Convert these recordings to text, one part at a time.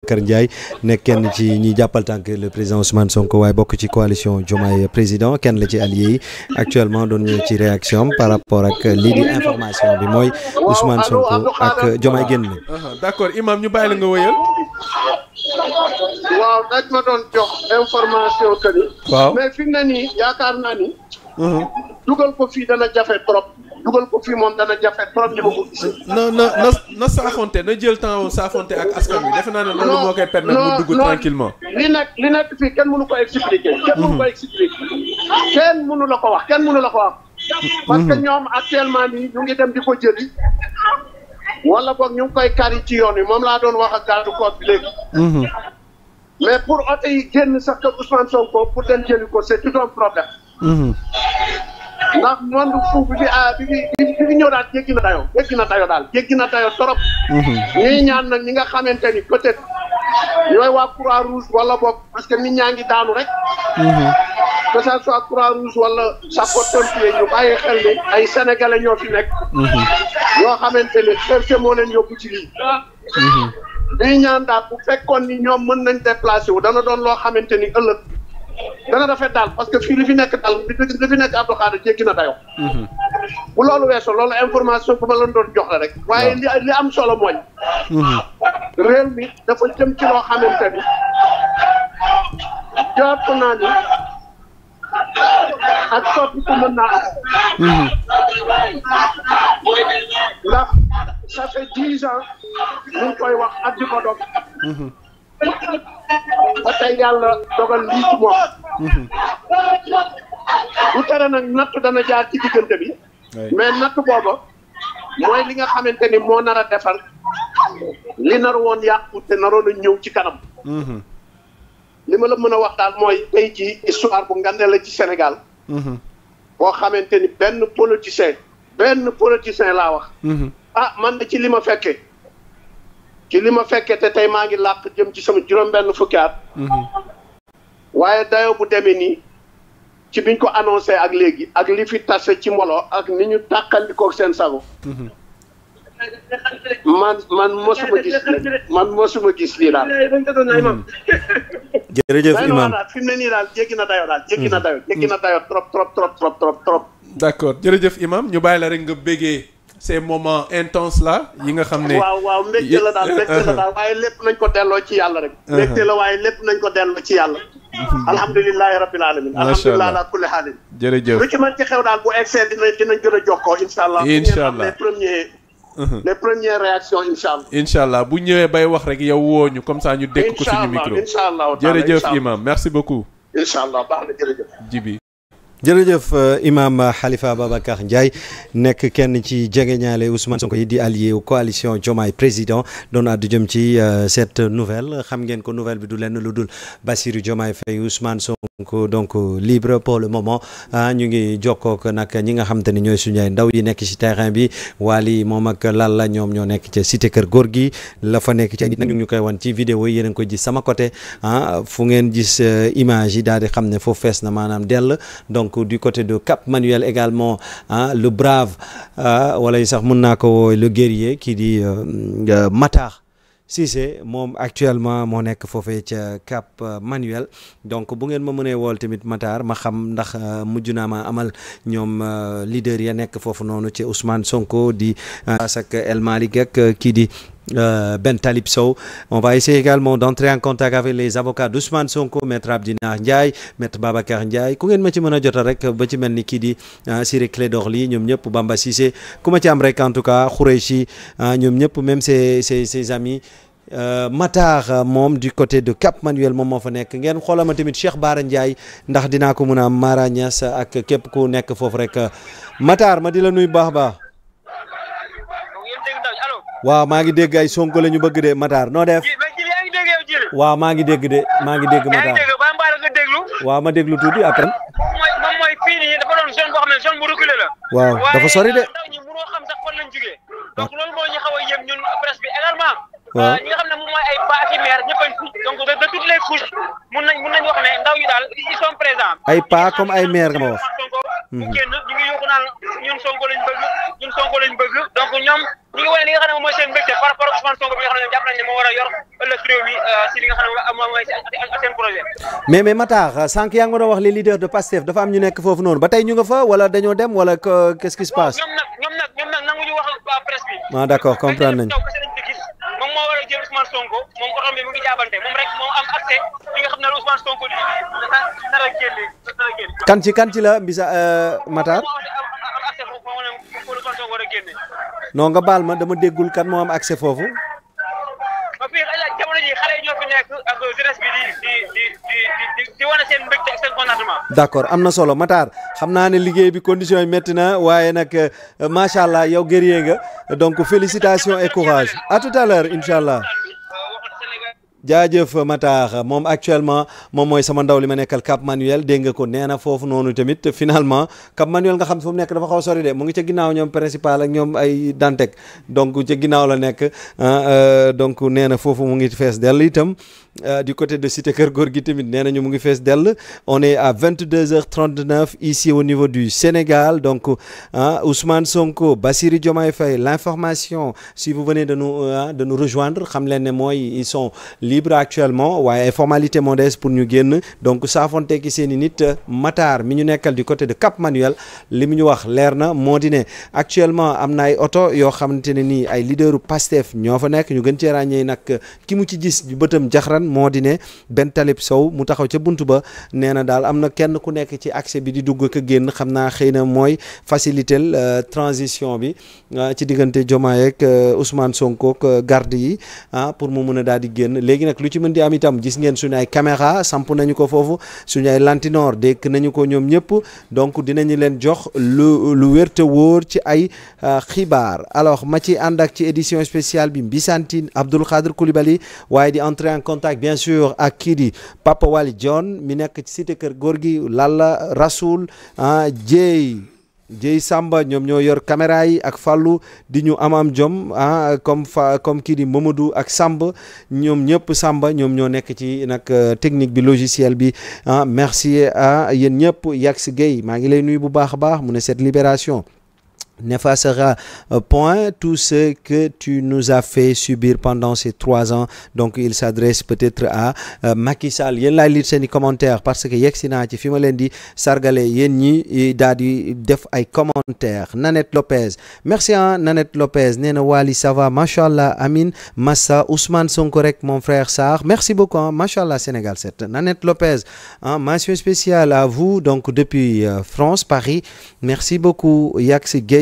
Bakar Ndiaye nekk kenn ci ñi jàppal tànk le président Ousmane Sonko waaye bokk ci coalition Diomaye président kenn la ci allié yi actuellement doon ñëw ci réaction par rapport ak li di information bi mooy Ousmane Sonko ak Diomaye génn na. d'accord imam ñu bàyyi la nga wëyal. waaw dañ ma doon jox information que ni. waaw mais fi mu ne yaakaar naa ni. dugal ko fii dana jafe trop. dugal ko fii moom dana jafe trop ni ma na na na na saafonte na jël temps saafonte ak askan wi defe naa ne loolu moo koy permettre mu dugg tranquillement li nekk li nekk fii kenn mënu ko expliquer. kenn mënu mhm. mënu la ko wax kenn mënu la ko wax. Mhm. parce que ñoom actuellement nii ñu ngi dem di ko jëli. wala boog ñu ngi koy kari ci yoon wi moom laa doon wax ak garde corps bi léegi. Mhm. mais pour oto yi génn sax kër Ousmane Sonko pour dem jëli ko c'est tout un problème. ndax monde suuf bi ah bi bi bi ñëw daal jéggi na dayoo jéggi na dayoo daal jéggi na dayoo trop. Mhm. ñuy ñaan nag ñi nga xamante ni peut-être yooyu waa croix rouge wala boog parce que nit ñaa ngi daanu rek. Mhm. que ça soit rouge wala sapeurs-pompiers ñu bàyyi xel ni ay sénégalais ñoo fi nekk. Mhm. yoo xamante ni xërte moo leen yóbbu ci lii. ñuy ñaan daal bu fekkoon ni ñoom mën nañ déplacé wu dana doon loo xamante ni ëllëg. dana rafet daal parce que fii li fi nekk daal li fi nekk Abdou Khadre jéggi na dayoo. Mhm. bu loolu weesoo loolu information bu jox la rek. waaye li li am solo mooy. Mhm. réew mi dafa jëm ci loo xamante ni jàpp naa ni ak soppi ku mën naa am. Mhm. ndax ans ñu koy wax ak dog ba tey yàlla dogal lii ci bu tere nag natt dana jaar ci diggante bi. mais natt booba mooy li nga xamante ni moo nar a defar li nar woon yàqu te naroon a ñëw ci kanam. Mm-hmm. li ma la mën a wax daal mooy tey ci histoire bu ngande la ci Sénégal. Mm-hmm. boo xamante ni benn politicien benn politicien laa wax. Mm-hmm. a ah, man na ci li ma fekkee ci li ma fekkee te tey maa ngi làq jëm ci sama juróom-benn fukki at. waaye dayoo bu demee nii ci biñ ko annoncé ak léegi ak li fi tase ci molo ak ni ñu tàqalikoog seen sago man man mosuma gis man mosuma gis lii daal. jërëjëf Imaam daal fi mu ne nii daal jéggi na dayoo daal. jéggi na mm-hmm. dayoo jéggi na dayoo trop trop trop trop trop trop. d' accord jërëjëf Imaam ñu bàyyi la rek nga bégee ces moments intenses la yi nga xam ne. waaw waaw mbégte la daal mbégte la daal waaye lépp nañ ko delloo ci yàlla rek. Uh-huh. mbégte la waaye lépp nañ ko delloo ci yàlla. alhamdulilahi rabbil alamin alhamdulilah ala kulli haalin jërëjëf lu ci mën ci xew daal bu egsee dina dinañ gën a jokkoo insha allah insha allah les uh-huh. allah bu ñëwee bay wax rek yow wooñu comme ça ñu dékk ko suñu micro insha allah jërëjëf imam merci beaucoup insha allah baax na jërëjëf jibi jërëjëf euh, Imam xalifa Babacar Ndiaye nekk kenn ci jegeñaale Ousmane Sonko yi di allié coalition Diomaye président doon àddu jëm ci euh, cette nouvelle xam ngeen ko nouvelle bi du lenn lu dul basiru Bassirou Diomaye Faye Ousmane ko donc libre pour le moment ah, ñu ngi jokkook nag ñi nga xam te ni ñooy suñu ay ndaw yi nekk ci terrain bi Wally moom ak Lalla ñoom ñoo nekk ci cité kër góor gi la fa nekk ci nit ñu ngi koy wan ci vidéo yi yéen a ngi sama côté ah fu ngeen gis euh, image yi daal di xam ne foofu fees na maanaam dell donc donc du côté de Cap Manuel également ah le brave euh, wala sax mën naa ko wooy le guerrier kii di euh, euh, Matar Cissé moom actuellement moo nekk foofee ca Cap Manuel donc bu ngeen ma mënee wool tamit Matar ma xam ndax mujj naa ma amal ñoom leader ya nekk foofu noonu ci Ousmane Sonko di ak El Malick ak kii di. Euh, ben Talib Sow on va essayer également d'entrer en contact avec les avocats d'Ousmane Sonko maître Abdina Ndiaye maître Babacar Ndiaye ku ngeen ma ci mën a jotal rek ba ci mel ni kii di Siré euh, Clédor Ly ñoom ñëpp Bamba Cissé ku ma ci am rek en tout cas si euh, ñoom ñëpp même ses ses ses amis Matar moom du côté de Cap Manuel moom moo fa nekk ngeen xoolal ma tamit Cheikh Baara Ndiaye ndax dinaa ko mun a am Mara Niass ak képp ku nekk foofu rek Matar ma di la nuyu baax baax. waaw maa ngi dégg ay Sonko la ñu bëgg de Matar noo def. waaw maa ngi dégg de maa ngi dégg Matar. waaw ma déglu waaw dafa sori de. Ah. donc loolu moo ñu xaw a yëm ñun presse bi ah, ay pa ak maire ñëpp a donc de toutes les mun nañ wax ne ay pa comme ay maire nga ma wax. mu mhm. génn ñu ngi yokku naan ñun Sonko lañ bëgg ñun Sonko lañ bëgg donc ñoom ñu ngi li nga xam ne a yor ëllëg réew mi euh, euh, yaa ngi doon wax les leaders de Pastef dafa am ñu nekk foofu noonu ba tey ñu nga fa wala dañoo dem wala qu'est-ce qui se passe ñoom nag ñoom nag ñoom nag nanguñu wax euh, presse bi ah, nañ moom moo war a jël Sonko borom bi mu ngi la Ousmane Sonko di nar baal ma dama déggul kan moo am accès foofu. ba fii d'accord am na solo Matar xam naa ne liggéey bi condition yi métti waaye nag euh, macha allah yow guerrier nga donc félicitations et courage à tout à l'heure heure allah. jaajëf Matar moom actuellement moom mooy sama ndaw li ma nekkal Cap Manuel dégg ko nee na foofu noonu tamit finalement Cap Manuel nga xam fu mu nekk dafa xaw a sori de mu ngi ca ginnaaw ñoom principal ak ñoom ay Dantec donc ca ginnaaw la nekk ah, euh, donc nee na foofu mu ngi fees dell itam ah, du côté de Cité Kër Góor gi tamit nee nañu mu ngi fees dell on est à 22h39 ici au niveau du Sénégal donc ah Ousmane Sonko Bassirou Diomaye Faye l'information si vous venez de nous ah, de nous rejoindre xam leen ne mooy ils libre actuellement waaye formalité modeste pour ñu génn donc saafonte ki seen i nit Matar mi ñu nekkal du côté de Cap Manuel li mu ñu wax leer na moo di ne actuellement am na ay oto yoo xamante ne nii ay leaderu Pastef ñoo fa nekk ñu gën cee ràññee nag ki mu ci gis bëtam jaxran moo di ne benn talib sow mu taxaw ca bunt ba nee na daal am na kenn ku nekk ci accès bi di dugg ak génn xam naa xëy na mooy faciliter euh, transition bi euh, ci diggante Diomaye ak euh, Ousmane Sonko ah, a léegi nag lu ci mën di am itam gis ngeen suñu ay caméra samp nañu ko foofu suñu ay lantinoor dékk nañu ko ñoom ñëpp donc dinañu leen jox lu lu wér wóor ci ay euh, xibaar alors ma ci ànd ak ci édition spéciale bi Mbisantine Abdoul Khadr Coulibaly waaye di entrer en contact bien sûr ak kii di Papa Wali John mi nekk ci cité kër góor gi Lalla Rasoul ah Dieye Dieye Samba ñoom ñoo yor caméra yi ak Fallou di ñu amaam jom ah, comme fa comme kii di Mamadou ak Samba ñoom ñëpp Samba ñoom ñoo nekk ci nag euh, technique bi logiciel bi ah merci à ah, yéen ñëpp Yax Guèye maa ngi lay nuyu bu baax a baax mu ne cette libération n'effacera euh, point tout ce que tu nous as fait subir pendant ces trois ans donc il s'adresse peut-être à euh, Macky Sall yéen laay lire seen i commentaire parce que yegg si naa ci fi ma leen di sargale yéen ñi daal di def ay commentaire Nanette Lopez merci à Nanette Lopez nee na Wali ça va machallah Amin Massa Ousmane Sonko rek mon frère Sarr merci beaucoup ah machallah Sénégal 7 Nanette Lopez ah mention spéciale à vous donc depuis euh, France Paris merci beaucoup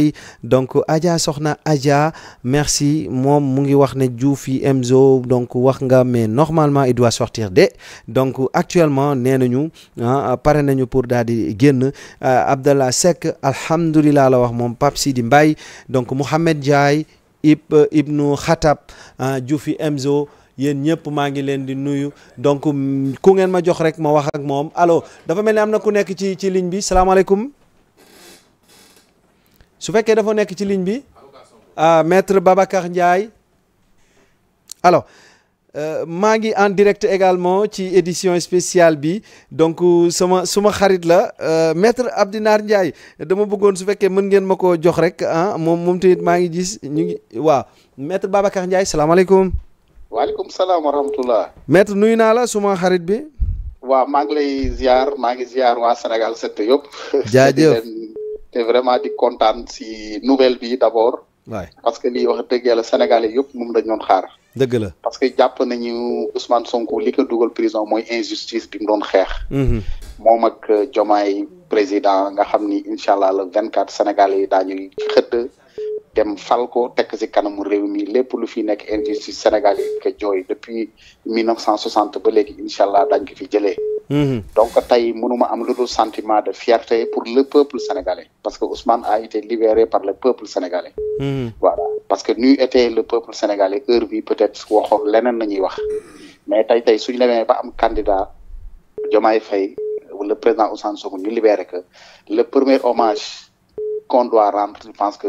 Mali donc Adja Soxna Adja merci moom mu ngi wax ne Diouf yi Emzo donc wax nga mais normalement il doit sortir de donc actuellement nee nañu ah, pare nañu pour daal di génn euh, Abdallah Seck alhamdulilah la wax moom Pape di mbay donc Mouhamed Ndiaye ib ibnu Khatab ah, Diouf yi Emzo yéen ñëpp maa ngi leen di nuyu donc mm, ku ngeen ma jox rek ma wax ak moom allo dafa mel ni am na ku nekk ci ci ligne bi salaamaaleykum su fekkee dafa nekk ci ligne bi euh, maître Babacar Ndiaye alors euh, maa ngi en direct également ci édition spéciale bi donc sama suma xarit la euh, metre Abdinar Ndiaye dama buggoon su fekkee mën ngeen ma ko jox rek ah moom moom tamit maa ngi gis ñu ngi waaw maître Babacar Ndiaye salaamaaleykum. waaleykum salaam wa rahmatullah. maître nuyu naa la suma xarit bi. waaw maa ngi lay ziar maa ngi ziar waa Sénégal set yëpp. te vraiment di kontaan si nouvelle bi d' abord. waay parce que lii wax dëgg yàlla sénégalais yëpp moom dañ doon xaar. dëgg la parce que jàpp nañu Ousmane Sonko li ko dugal prison mooy injustice bi mu doon xeex. Mhm. moom ak Jomaay euh, président nga xam ni incha allah le 24 sénégalais yi daañuy xëdd. dem fal ko tekk si kanamu réew mi lépp lu fi nekk injustice Sénégal yi ko jooy depuis mille neuf cent soixante ba léegi incha allah dañ ko fi jëlee Mm-hmm. donc tey mënuma am lu dul sentiment de fierté pour le peuple sénégalais parce que Ousmane a été libéré par le peuple sénégalais mm-hmm. parce que nu était le peuple sénégalais heure bi peut-être waxoon leneen na ñuy wax mais tey tey suñu demee ba am candidat Diomaye Faye le président Ousmane Sonko ñu libéré que le premier hommage qu'on doit rendre je pense que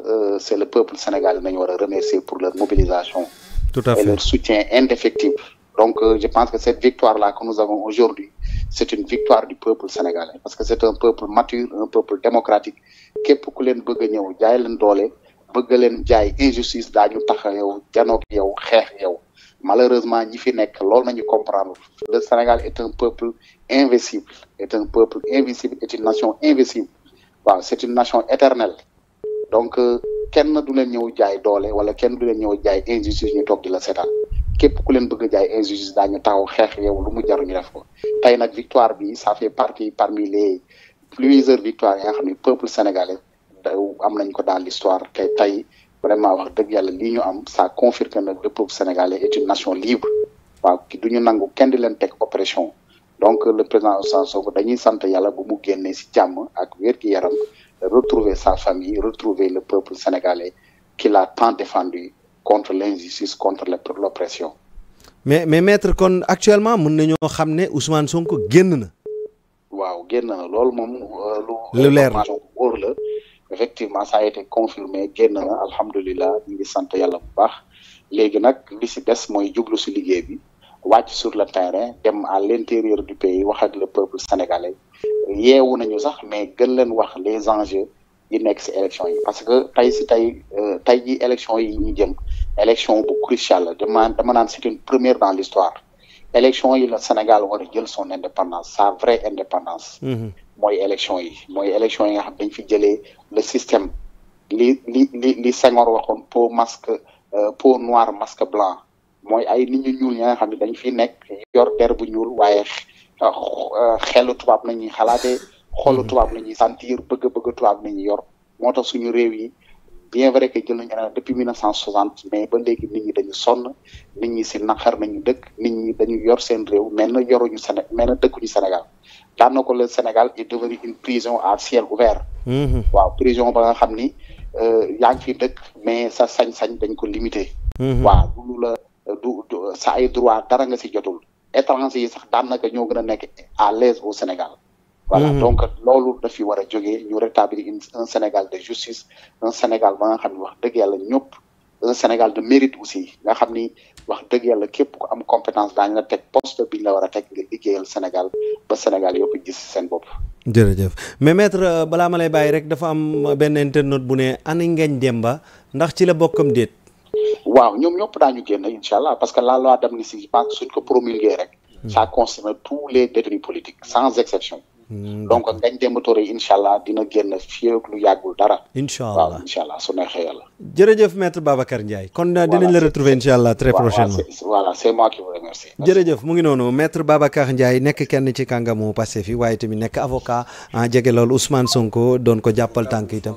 euh, c'est le peuple sénégal nañu war a remercier pour leur mobilisation Tout à fait. et leur soutien indéfectible Donc, euh, je pense que cette victoire-là que nous avons aujourd'hui, c'est une victoire du peuple sénégalais. Parce que c'est un peuple mature, un peuple démocratique. képp ku leen bëgg a ñëw jaay leen doole bëgg leen jaay injustice daañu tax a yow janoog yow xeex yow malheureusement ñi fi nekk loolu nañu comprendre le Sénégal est un peuple invincible est un peuple invincible est une nation invincible waaw c'est une nation éternelle donc euh, kenn du leen ñëw jaay doole wala kenn du ñëw jaay ñu toog la seetaan képp ku leen bëgg a jaay injustice daañu taxaw xeex yow lu mu jaruñu def ko tey nag victoire bi ça fait partie parmi les plusieurs victoires yi nga xam ne am nañ ko dans l'histoire te tey vraiment wax dëgg yàlla lii ñu am ça confirme nag le peuple sénégalais est une nation libre waaw ki du ñu nangu kenn di leen teg oppression donc le président Ousmane Sonko dañuy sant yàlla bu mu génnee si jàmm ak wér gi yaram retrouver sa famille retrouver le peuple sénégalais qui l'a tant défendu contre l'injustice contre l'oppression mais mais maître kon actuellement mën nañoo xam ne Ousmane Sonko génn na. waaw génn na loolu moom. Euh, lu leer la wóor la effectivement ça a été confirmé génn na alhamdulilah ñu ngi sant yàlla bu baax léegi nag li si des mooy jublu si liggéey bi wàcc sur le terrain dem à l'intérieur du pays wax ak le peuple sénégalais yeewu nañu sax mais gën leen wax les enjeux. yi nekk si élection yi parce que tey si tey euh, tey ji élection yi ñu jëm élection bu crucial la dama dama naan c'est une première dans l'histoire élection yi la Sénégal war a jël son indépendance sa vraie indépendance mm-hmm. mooy élection yi mooy élection yi nga xam dañ fi jëlee le système li li li li Senghor waxoon peau masque euh, peau noire masque blanc mooy ay nit ñu ñuul ñi nga xam dañ fi nekk yor der bu ñuul waaye euh, xelu tubaab nañuy xalaatee xolu mhm. tubaab la ñuy sentir bëgg bëgg tubaab la ñuy yor moo tax suñu réew yi bien vrai que jël nañu énergie depuis mille neuf cent soixante mais ba léegi nit ñi dañu sonn nit ñi si naqar nañu dëkk nit ñi dañu yor seen réew mel na yoruñu Séné mel na dëkkuñu Sénégal daanaka le Sénégal est devenu une prison à ciel ouvert. Mhm. waaw prison ba nga xam ni euh, yaa ngi fi dëkk mais sa sañ-sañ dañ ko limité. Mhm. waaw du la du sa ay droit dara si jotul étranger yi sax daanaka ñoo gën a nekk à l'aise au Sénégal. voilà mhm. donc loolu dafi war a jógee ñu rétablir un Sénégal de justice un Sénégal ba nga xam ne wax dëgg yàlla ñëpp un Sénégal de mérite aussi nga xam ni wax dëgg yàlla képp ku am compétence daañu la teg poste bi ñu la war a teg nga liggéeyal Sénégal ba Sénégal yëpp gis seen bopp. jërëjëf mais maître euh, balaa ma lay bàyyi rek dafa am benn internet bu ne ana ngeen Demba ndax ci la bokkam déet. waaw ñoom ñëpp daañu génn incha allah parce que la loi d'amnistie je pense suñ ko promulguer rek. Hmm. ça concerne tous les détenus Mm, donc ngañ démb Touré incha allah dina génn fii ak lu yàggul jërëjëf maître Babacar Ndiaye. kon dinañ la retrouver incha allah très prochainement. voilà c'est jërëjëf mu ngi noonu maître Babacar Ndiaye nekk kenn ci kàngamu passé fi waaye tamit nekk avocat ah, jege loolu Ousmane Sonko doon ko jàppal tànk itam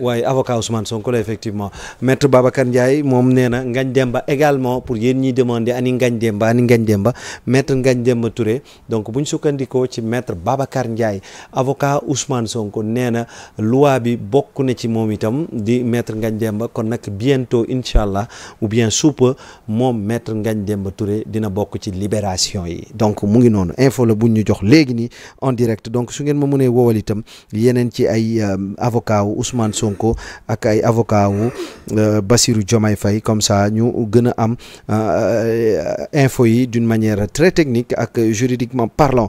waaye avocat Ousmane Sonko la effectivement maître Babacar Ndiaye moom nee na ngañ demba également pour yéen ñiy demande ani ngañ demba ani ngañ demba maître ngañ demba Touré donc bu ñu sukkandikoo ci maître Babacar Makhtar Ndiaye avocat Ousmane Sonko nee na loi bi bokk na ci moom itam di maître ngañ Demba kon nag bien bientôt incha allah ou bien sous peu moom maître Ngagne Demba ture dina bokk ci libération yi donc mu ngi noonu info la bu ñu jox léegi nii en direct donc su ngeen ma mënee woowal itam yeneen ci ay euh, avocat wu Sonko ak ay avocat wu euh, Bassirou Diomaye Faye comme ça ñu gën a am euh, info yi d'une manière très technique ak juridiquement parlant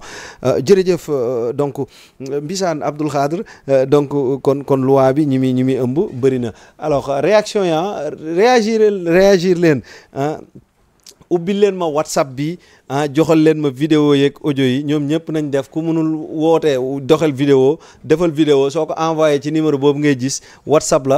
jërëjëf donc Mbisaan Abdul Xaadir euh, donc kon kon loi bi ñi muy ñi muy ëmb bëri na alors réaction ya réagir réagir leen ah ubbil leen ma whatsapp bi ah joxal leen ma vidéo yeeg audio yi ñoom ñëpp nañ def ku mënul wootee doxal vidéo defal vidéo soo ko envoyé ci numéro boobu ngay gis whatsapp la